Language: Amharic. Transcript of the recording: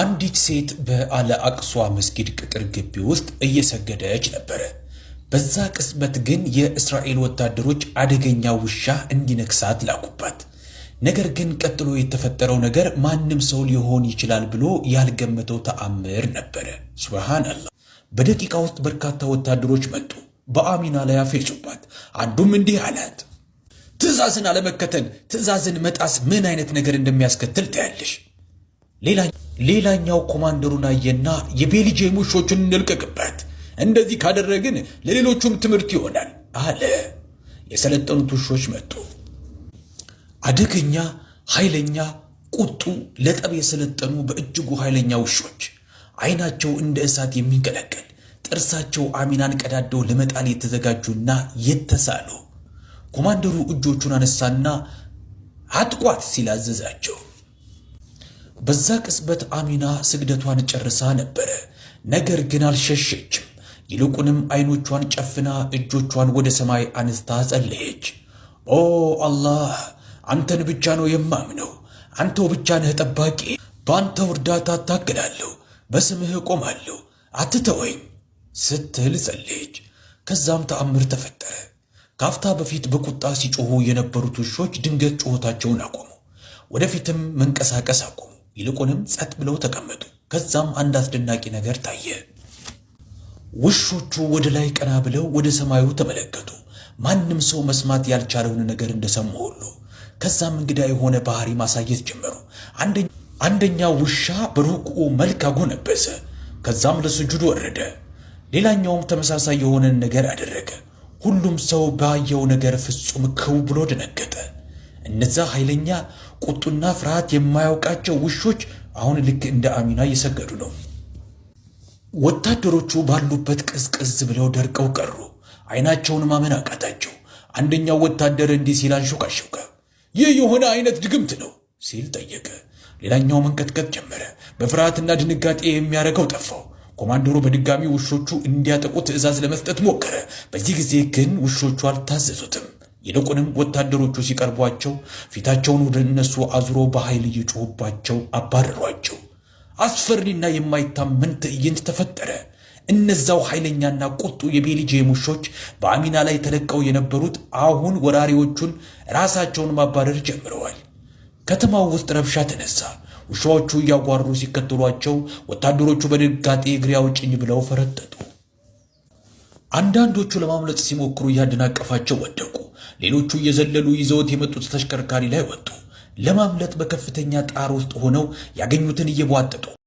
አንዲት ሴት በአለ አቅሷ መስጊድ ቅጥር ግቢ ውስጥ እየሰገደች ነበረ። በዛ ቅጽበት ግን የእስራኤል ወታደሮች አደገኛ ውሻ እንዲነክሳት ላኩባት። ነገር ግን ቀጥሎ የተፈጠረው ነገር ማንም ሰው ሊሆን ይችላል ብሎ ያልገመተው ተአምር ነበረ። ሱብሃንአላህ። በደቂቃ ውስጥ በርካታ ወታደሮች መጡ፣ በአሚና ላይ አፌዙባት። አንዱም እንዲህ አላት፣ ትዕዛዝን አለመከተል ትዕዛዝን መጣስ ምን አይነት ነገር እንደሚያስከትል ታያለሽ ሌላኛው ኮማንደሩን አየና የቤልጅየም ውሾቹን እንልቀቅበት፣ እንደዚህ ካደረግን ለሌሎቹም ትምህርት ይሆናል አለ። የሰለጠኑት ውሾች መጡ። አደገኛ፣ ኃይለኛ፣ ቁጡ፣ ለጠብ የሰለጠኑ በእጅጉ ኃይለኛ ውሾች፣ አይናቸው እንደ እሳት የሚንቀለቀል ጥርሳቸው አሚናን ቀዳደው ለመጣል የተዘጋጁና የተሳሉ። ኮማንደሩ እጆቹን አነሳና አጥቋት ሲል አዘዛቸው። በዛ ቅጽበት አሚና ስግደቷን ጨርሳ ነበረ። ነገር ግን አልሸሸችም። ይልቁንም አይኖቿን ጨፍና እጆቿን ወደ ሰማይ አንስታ ጸለየች። ኦ አላህ አንተን ብቻ ነው የማምነው። አንተው ብቻ ነህ ጠባቂ። በአንተው እርዳታ እታገላለሁ፣ በስምህ እቆማለሁ፣ አትተወኝ ስትል ጸለየች። ከዛም ተአምር ተፈጠረ። ካፍታ በፊት በቁጣ ሲጮኹ የነበሩት ውሾች ድንገት ጩኸታቸውን አቆሙ። ወደፊትም መንቀሳቀስ አቆሙ። ይልቁንም ጸጥ ብለው ተቀመጡ። ከዛም አንድ አስደናቂ ነገር ታየ። ውሾቹ ወደ ላይ ቀና ብለው ወደ ሰማዩ ተመለከቱ። ማንም ሰው መስማት ያልቻለውን ነገር እንደሰሙ ሁሉ። ከዛም እንግዳ የሆነ ባህሪ ማሳየት ጀመሩ። አንደኛ ውሻ በሩቁ መልክ አጎነበሰ። ከዛም ለስጁድ ወረደ። ሌላኛውም ተመሳሳይ የሆነን ነገር አደረገ። ሁሉም ሰው ባየው ነገር ፍጹም ክው ብሎ ደነገጠ። እነዛ ኃይለኛ ቁጡና ፍርሃት የማያውቃቸው ውሾች አሁን ልክ እንደ አሚና እየሰገዱ ነው። ወታደሮቹ ባሉበት ቅዝቅዝ ብለው ደርቀው ቀሩ። አይናቸውን ማመን አቃታቸው። አንደኛው ወታደር እንዲህ ሲል አንሾካሾከ። ይህ የሆነ አይነት ድግምት ነው ሲል ጠየቀ። ሌላኛው መንቀጥቀጥ ጀመረ። በፍርሃትና ድንጋጤ የሚያደርገው ጠፋው። ኮማንደሩ በድጋሚ ውሾቹ እንዲያጠቁ ትዕዛዝ ለመስጠት ሞከረ። በዚህ ጊዜ ግን ውሾቹ አልታዘዙትም። ይልቁንም ወታደሮቹ ሲቀርቧቸው ፊታቸውን ወደ እነሱ አዙሮ በኃይል እየጮሁባቸው አባረሯቸው። አስፈሪና የማይታመን ትዕይንት ተፈጠረ። እነዛው ኃይለኛና ቁጡ የቤልጅየም ውሾች በአሚና ላይ ተለቀው የነበሩት አሁን ወራሪዎቹን ራሳቸውን ማባረር ጀምረዋል። ከተማው ውስጥ ረብሻ ተነሳ። ውሻዎቹ እያጓሩ ሲከተሏቸው፣ ወታደሮቹ በድንጋጤ እግሬ አውጭኝ ብለው ፈረጠጡ። አንዳንዶቹ ለማምለጥ ሲሞክሩ እያደናቀፋቸው ወደቁ። ሌሎቹ እየዘለሉ ይዘውት የመጡት ተሽከርካሪ ላይ ወጡ። ለማምለጥ በከፍተኛ ጣር ውስጥ ሆነው ያገኙትን እየቧጠጡ